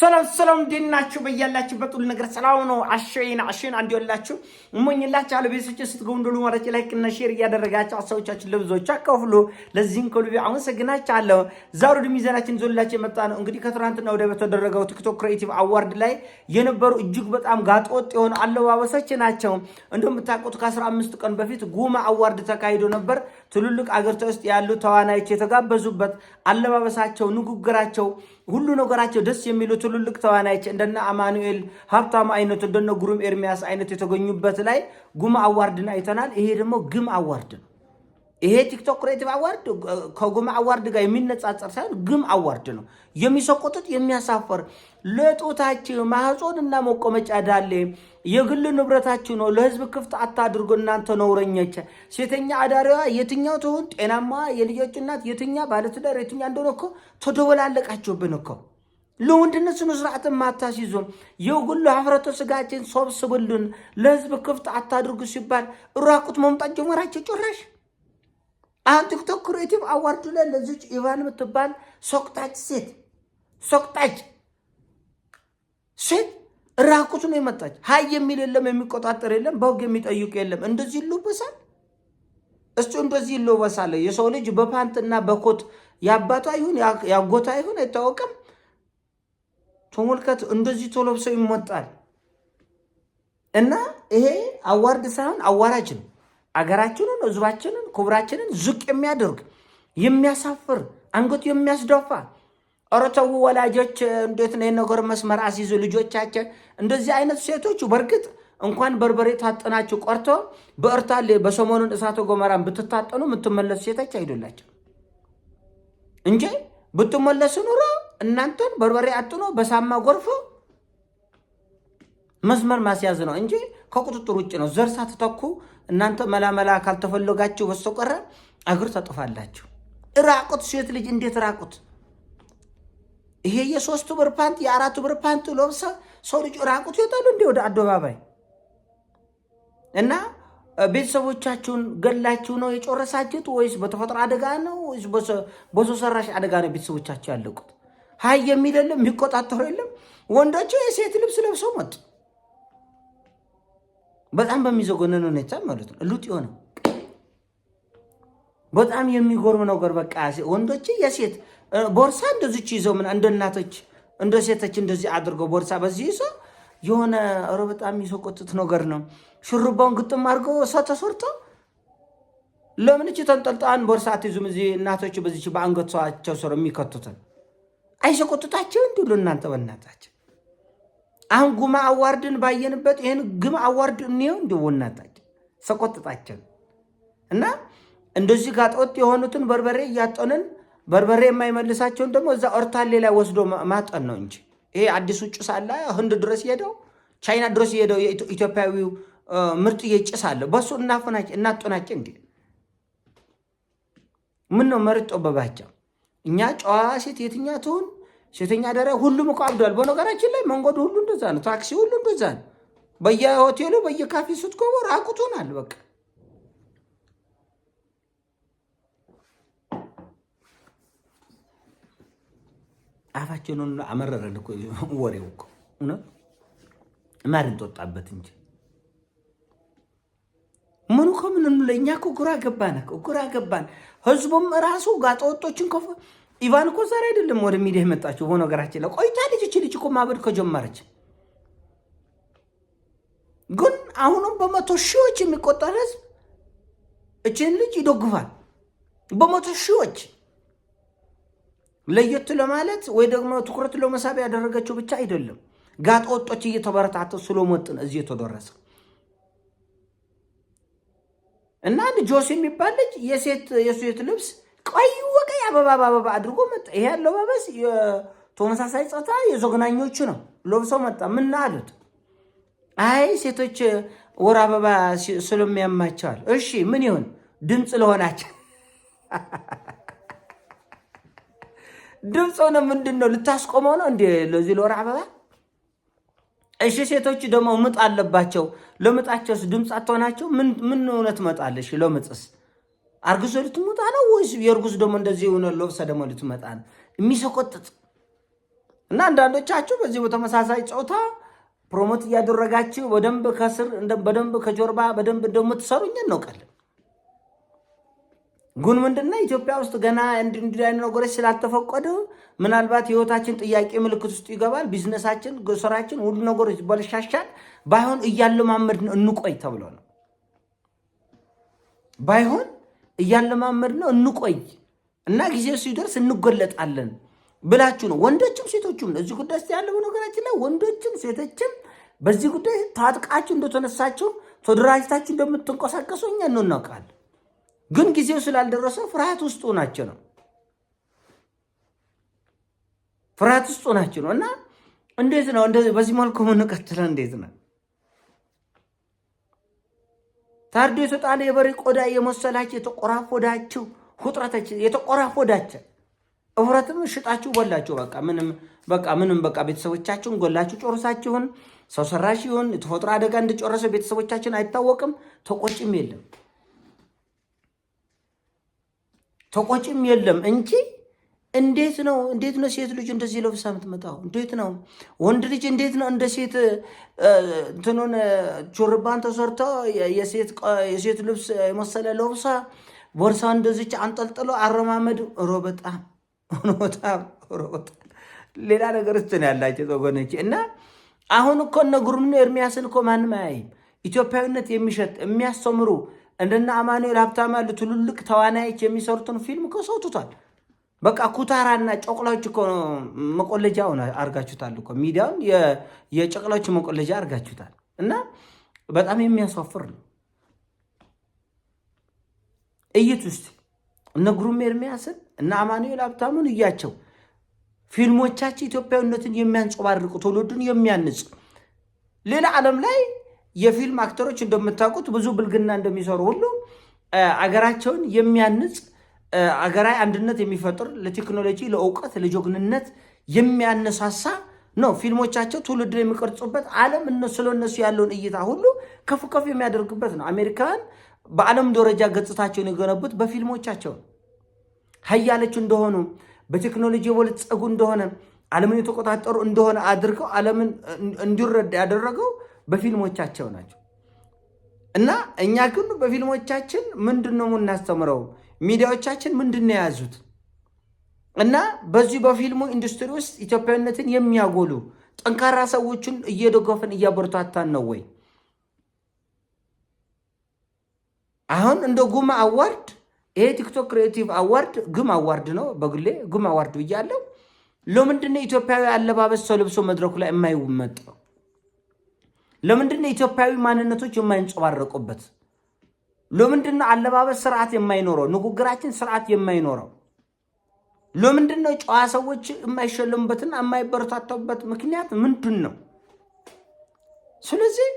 ሰላም ሰላም፣ እንዴት ናችሁ? በያላችሁበት ሁሉ ነገር ሰላም ነው። አሸይን አሸይን አንድ ያላችሁ እሞኝላችሁ አለ ቤተሰቦች ስትገቡ እንደሉ ማለት ላይክ እና ሼር እያደረጋችሁ ሀሳቦቻችሁን ለብዙዎች አካፍሉ። ለዚህም ከልቤ አመሰግናችኋለሁ። ዛሬ ወደ ሚዛናችን ዞላችሁ የመጣ ነው እንግዲህ ከትናንትና ወደ በተደረገው ቲክቶክ ክሬቲቭ አዋርድ ላይ የነበሩ እጅግ በጣም ጋጠወጥ የሆኑ አለባበሶች ናቸው። እንደምታውቁት ከአስራ አምስት ቀን በፊት ጉማ አዋርድ ተካሂዶ ነበር። ትልልቅ አገርታ ውስጥ ያሉ ተዋናዮች የተጋበዙበት አለባበሳቸው፣ ንግግራቸው፣ ሁሉ ነገራቸው ደስ የሚሉ ትልልቅ ተዋናዮች እንደነ አማኑኤል ሀብታሙ አይነቱ እንደነ ጉሩም ኤርሚያስ አይነት የተገኙበት ላይ ጉም አዋርድን አይተናል። ይሄ ደግሞ ግም አዋርድ ነው። ይሄ ቲክቶክ ክሬቲቭ አዋርድ ከጉም አዋርድ ጋር የሚነጻጸር ሳይሆን ግም አዋርድ ነው። የሚሰቆጡት የሚያሳፈር ለጦታችሁ ማህጾን እና መቆመጫ ዳሌ የግል ንብረታችን ነው፣ ለህዝብ ክፍት አታድርጎ እናንተ ነውረኞች። ሴተኛ አዳሪዋ የትኛው ትሁን ጤናማ የልጆች እናት የትኛ ባለትዳር የትኛ እንደሆነ እኮ ተደበላለቃችሁብን እኮ ለወንድነት ስነ ስርዓት ማታስይዙም የሁሉ ሀፍረተ ስጋችን ሰብስብልን ለህዝብ ክፍት አታድርጉ ሲባል ራቁት መምጣት ጀመራቸው ጭራሽ አሁን ቲክቶክ ክሬቲቭ አዋርድ ላይ ለዚች ኢቫን የምትባል ሶቅጣጭ ሴት ሶቅጣጭ ሴት ራቁት ነው የመጣች። ሀይ የሚል የለም፣ የሚቆጣጠር የለም፣ በውግ የሚጠይቅ የለም። እንደዚህ ይለበሳል እሱ እንደዚህ ይለበሳል። የሰው ልጅ በፓንት እና በኮት ያባቷ ይሁን ያጎታ ይሁን አይታወቅም። ተመልከት፣ እንደዚህ ተለብሶ ይመጣል እና ይሄ አዋርድ ሳይሆን አዋራጅ ነው። አገራችንን፣ ህዝባችንን፣ ክብራችንን ዝቅ የሚያደርግ የሚያሳፍር አንገት የሚያስደፋ ኧረ ተው ወላጆች፣ እንዴት ነው የነገር መስመር አስይዙ ልጆቻችን። እንደዚህ አይነት ሴቶች በእርግጥ እንኳን በርበሬ ታጠናችሁ ቆርቶ በእርታሌ በሰሞኑን እሳተ ገሞራን ብትታጠኑ የምትመለሱ ሴቶች አይደላቸው እንጂ ብትመለሱ ኑሮ እናንተን በርበሬ አጥኖ በሳማ ጎርፎ መስመር ማስያዝ ነው እንጂ ከቁጥጥር ውጭ ነው። ዘር ሳትተኩ እናንተ መላመላ ካልተፈለጋችሁ በስተቀረ አገር ተጥፋላችሁ። ራቁት ሴት ልጅ እንዴት ራቁት? ይሄ የሶስቱ ብር ፓንት የአራቱ ብር ፓንት ለብሰ ሰው ልጅ ራቁት ይወጣሉ እንዴ ወደ አደባባይ? እና ቤተሰቦቻችሁን ገላችሁ ነው የጨረሳችሁት ወይስ በተፈጥሮ አደጋ ነው ወይስ በሰው ሰራሽ አደጋ ነው ቤተሰቦቻችሁ ያለቁት? ሀይ የሚል የለም የሚቆጣጠሩ የለም። ወንዶቹ የሴት ልብስ ለብሰው መጡ። በጣም በሚዘጎንን ሁኔታ ማለት ነው። ሉጥ የሆነ በጣም የሚጎርም ነገር በቃ ወንዶች የሴት ቦርሳ እንደዚች ይዘው ምን እንደ እናቶች እንደ ሴቶች እንደዚህ አድርገው ቦርሳ በዚህ ይዘው የሆነ ኧረ በጣም የሚሰቆጥት ነገር ነው። ሹሩባውን ግጥም አድርገው ሰው ተሰርቶ ለምን እች ተንጠልጣን ቦርሳ አትይዙም? እዚህ እናቶች በዚች በአንገቷቸው ስር የሚከቱትን አይሰቆጥታቸው እንዲሉ እናንተ በእናታቸው አሁን ጉማ አዋርድን ባየንበት ይህን ግማ አዋርድ እንየው እንዲ ሰቆጥጣቸው እና እንደዚህ ጋጠወጥ የሆኑትን በርበሬ እያጠንን በርበሬ የማይመልሳቸውን ደግሞ እዛ ኦርታሌ ላይ ወስዶ ማጠን ነው እንጂ ይሄ አዲሱ ጭስ አለ። ህንድ ድረስ ሄደው ቻይና ድረስ ሄደው ኢትዮጵያዊው ምርጥ ጭስ አለ። በሱ እናጠናጭ እንዲ ምን ነው መርጦ በባቸው እኛ ጨዋ ሴት የትኛ ትሁን ሴተኛ አዳሪ ሁሉም እኮ አብዷል። በነገራችን ላይ መንገዱ ሁሉ እንደዛ ነው። ታክሲ ሁሉ እንደዛ ነው። በየሆቴሉ በየካፌ ስትገቡ ራቁቱናል። በቃ አፋችንን አመረረን እኮ ወሬው እኮ እውነት ማርን ተወጣበት እንጂ ምኑ ከምንም ለእኛ እኮ ጉራ ገባን፣ ጉራ ገባን። ህዝቡም ራሱ ጋጠወጦችን ኢቫን እኮ ዛሬ አይደለም ወደ ሚዲያ የመጣችው። በነገራችን ላይ ቆይታ ልጅ እቺ ልጅ እኮ ማበድ ከጀመረች ግን አሁንም በመቶ ሺዎች የሚቆጠር ህዝብ እችን ልጅ ይደግፋል። በመቶ ሺዎች ለየት ለማለት ወይ ደግሞ ትኩረት ለመሳብ ያደረገችው ብቻ አይደለም። ጋጥ ወጦች እየተበረታተ ስለመጥን እዚህ የተደረሰ እና ጆስ የሚባል ልጅ የሴት የሴት ልብስ ቀይ ወቀይ አበባ በአበባ አድርጎ መጣ። ይሄ አለባበስ ተመሳሳይ ጾታ የዘግናኞቹ ነው ለብሶ መጣ። ምን አሉት፣ አይ ሴቶች ወር አበባ ስለሚያማቸዋል። እሺ ምን ይሁን ድምፅ ለሆናቸው ድምፅ ሆነ ምንድን ነው? ልታስቆመው ነው እንዴ ለዚህ ለወር አበባ? እሺ ሴቶች ደግሞ ምጥ አለባቸው። ለምጣቸውስ ድምፅ አትሆናቸው? ምን እውነት መጣለሽ? ለምጥስ አርግዞ ልትመጣ ነው ወይስ የእርጉዝ ደግሞ እንደዚህ የሆነ ለብሰ ደግሞ ልትመጣ ነው? የሚሰቆጥጥ እና አንዳንዶቻችሁ በዚህ በተመሳሳይ ፆታ ፕሮሞት እያደረጋችሁ በደንብ ከስር በደንብ ከጀርባ በደንብ እንደምትሰሩ እኛ እናውቃለን። ግን ምንድነው ኢትዮጵያ ውስጥ ገና እንዲህ ዓይነት ነገሮች ስላልተፈቀዱ ምናልባት ህይወታችን ጥያቄ ምልክት ውስጥ ይገባል። ቢዝነሳችን፣ ስራችን፣ ሁሉ ነገሮች በልሻሻል ባይሆን እያለማመድን እንቆይ ተብሎ ነው ባይሆን እያለማመድ ነው እንቆይ እና ጊዜ ሲደርስ እንጎለጣለን ብላችሁ ነው። ወንዶችም ሴቶችም እዚህ ጉዳይ ያለው ነገራችን ላይ ወንዶችም ሴቶችም በዚህ ጉዳይ ታጥቃችሁ እንደተነሳችሁ ተደራጅታችሁ እንደምትንቀሳቀሱ እኛ እናውቃለን። ግን ጊዜው ስላልደረሰ ፍርሃት ውስጡ ናቸው ነው ፍርሃት ውስጡ ናቸው ነው እና እንዴት ነው በዚህ መልኩ ምንቀትለ እንዴት ነው ታርዲሱ የተጣለ የበሬ ቆዳ የመሰላችሁ የተቆራፎዳችው ሁጥረተች የተቆራፎዳች እፍረትም ሽጣችሁ በላችሁ። በቃ ምንም በቃ ምንም በቃ ቤተሰቦቻችሁን ጎላችሁ ጨርሳችሁን። ሰው ሰራሽ ይሁን የተፈጥሮ አደጋ እንደጨረሰ ቤተሰቦቻችን አይታወቅም። ተቆጭም የለም ተቆጭም የለም እንጂ እንዴት ነው እንዴት ነው ሴት ልጅ እንደዚህ ለብሳ የምትመጣው? እንዴት ነው ወንድ ልጅ እንዴት ነው እንደ ሴት እንትኑን ሹርባን ተሰርቶ የሴት ልብስ የመሰለ ለብሳ ቦርሳ እንደዚች አንጠልጥሎ አረማመድ ሮ ሮበጣም ሌላ ነገር ስትን ያላቸው ወገኖች እና አሁን እኮ እነ ጉርምኖ ኤርሚያስን እኮ ማንም አያይም። ኢትዮጵያዊነት የሚሸጥ የሚያስተምሩ እንደና አማኑኤል ሀብታም ያሉ ትልልቅ ተዋናዮች የሚሰሩትን ፊልም እኮ በቃ ኩታራና ጨቅላዎች እኮ መቆለጃ አርጋችሁታል እኮ ሚዲያውን የጨቅላዎች መቆለጃ አርጋችሁታል። እና በጣም የሚያስዋፍር ነው። እይት ውስጥ እነ ግሩም ኤርሚያስን እነ አማኑኤል ሀብታሙን እያቸው ፊልሞቻቸው ኢትዮጵያዊነትን የሚያንጸባርቁ ትውልዱን የሚያንጽ ሌላ ዓለም ላይ የፊልም አክተሮች እንደምታውቁት ብዙ ብልግና እንደሚሰሩ ሁሉ አገራቸውን የሚያንጽ አገራዊ አንድነት የሚፈጥር ለቴክኖሎጂ፣ ለእውቀት፣ ለጀግንነት የሚያነሳሳ ነው። ፊልሞቻቸው ትውልድ የሚቀርጹበት ዓለም እነሱ ያለውን እይታ ሁሉ ከፍ ከፍ የሚያደርግበት ነው። አሜሪካን በዓለም ደረጃ ገጽታቸውን የገነቡት በፊልሞቻቸው ሀያለች እንደሆኑ በቴክኖሎጂ የበለጸጉ እንደሆነ ዓለምን የተቆጣጠሩ እንደሆነ አድርገው ዓለምን እንዲረዳ ያደረገው በፊልሞቻቸው ናቸው እና እኛ ግን በፊልሞቻችን ምንድን ነው የምናስተምረው? ሚዲያዎቻችን ምንድን ነው የያዙት? እና በዚህ በፊልሙ ኢንዱስትሪ ውስጥ ኢትዮጵያዊነትን የሚያጎሉ ጠንካራ ሰዎችን እየደጎፍን እያበረታታን ነው ወይ? አሁን እንደ ጉማ አዋርድ ይሄ ቲክቶክ ክሪኤቲቭ አዋርድ ጉም አዋርድ ነው፣ በግሌ ጉም አዋርድ ብያለሁ። ለምንድነው ኢትዮጵያዊ አለባበስ ሰው ለብሶ መድረኩ ላይ የማይመጣው? ለምንድነው ኢትዮጵያዊ ማንነቶች የማይንጸባረቁበት? ለምንድን ነው አለባበስ ስርዓት የማይኖረው? ንግግራችን ስርዓት የማይኖረው ለምንድን ጨዋ ሰዎች የማይሸለሙበትና የማይበረታታበት ምክንያት ምንድን ነው? ስለዚህ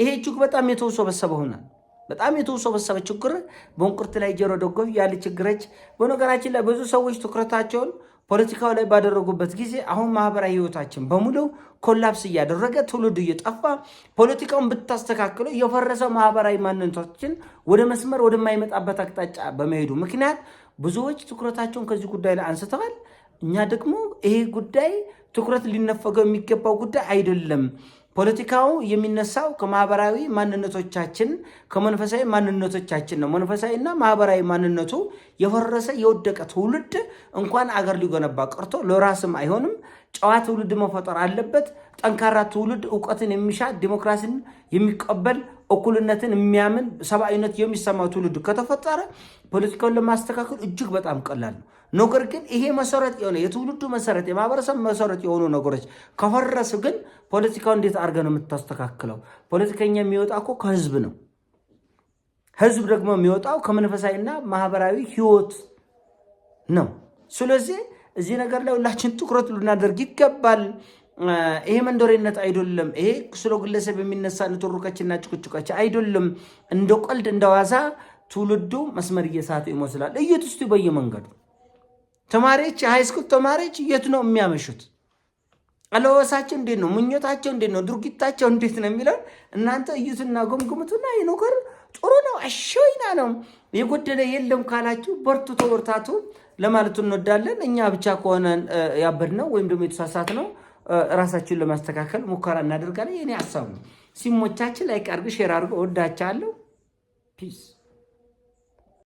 ይሄ እጅግ በጣም የተወሰበሰበ ሆናል። በጣም የተወሰበሰበ ችግር በእንቁርት ላይ ጆሮ ደግፍ ያለ ችግረች። በነገራችን ላይ ብዙ ሰዎች ትኩረታቸውን ፖለቲካው ላይ ባደረጉበት ጊዜ አሁን ማህበራዊ ህይወታችን በሙሉ ኮላፕስ እያደረገ ትውልዱ እየጠፋ ፖለቲካውን ብታስተካክለው የፈረሰ ማህበራዊ ማንነታችን ወደ መስመር ወደማይመጣበት አቅጣጫ በመሄዱ ምክንያት ብዙዎች ትኩረታቸውን ከዚህ ጉዳይ ላይ አንስተዋል። እኛ ደግሞ ይሄ ጉዳይ ትኩረት ሊነፈገው የሚገባው ጉዳይ አይደለም። ፖለቲካው የሚነሳው ከማህበራዊ ማንነቶቻችን ከመንፈሳዊ ማንነቶቻችን ነው። መንፈሳዊና ማህበራዊ ማንነቱ የፈረሰ የወደቀ ትውልድ እንኳን አገር ሊገነባ ቀርቶ ለራስም አይሆንም። ጨዋ ትውልድ መፈጠር አለበት። ጠንካራ ትውልድ እውቀትን የሚሻ ዲሞክራሲን የሚቀበል እኩልነትን የሚያምን ሰብአዊነት የሚሰማው ትውልድ ከተፈጠረ ፖለቲካውን ለማስተካከል እጅግ በጣም ቀላል ነው። ነገር ግን ይሄ መሰረት የሆነ የትውልዱ መሰረት የማህበረሰብ መሰረት የሆኑ ነገሮች ከፈረሱ ግን ፖለቲካው እንዴት አድርገህ ነው የምታስተካክለው? ፖለቲከኛ የሚወጣ እኮ ከህዝብ ነው። ህዝብ ደግሞ የሚወጣው ከመንፈሳዊና ማህበራዊ ህይወት ነው። ስለዚህ እዚህ ነገር ላይ ሁላችን ትኩረት ልናደርግ ይገባል። ይሄ መንደሬነት አይደለም። ይሄ ስለ ግለሰብ የሚነሳ ንትርኮችና ጭቅጭቆች አይደለም። እንደ ቀልድ እንደ ትውልዱ መስመር እየሳቱ ይመስላል። እዩት በየመንገዱ ተማሪዎች የሃይስኩል ተማሪዎች የት ነው የሚያመሹት? አለወሳቸው እንዴት ነው? ምኞታቸው እንዴት ነው? ድርጊታቸው እንዴት ነው የሚለው እናንተ እዩትና ጎምግምቱና የነገር ጥሩ ነው አሸይና ነው የጎደለ የለም ካላችሁ በርቱ፣ ተወርታቱ ለማለት እንወዳለን። እኛ ብቻ ከሆነ ነው ወይም ደግሞ ነው ራሳችሁን ለማስተካከል ሙከራ እናደርጋለን። የኔ ሀሳብ ነው። ሲሞቻችን ላይ ቀርግ ሼር አድርገው። እወዳችኋለሁ። ፒስ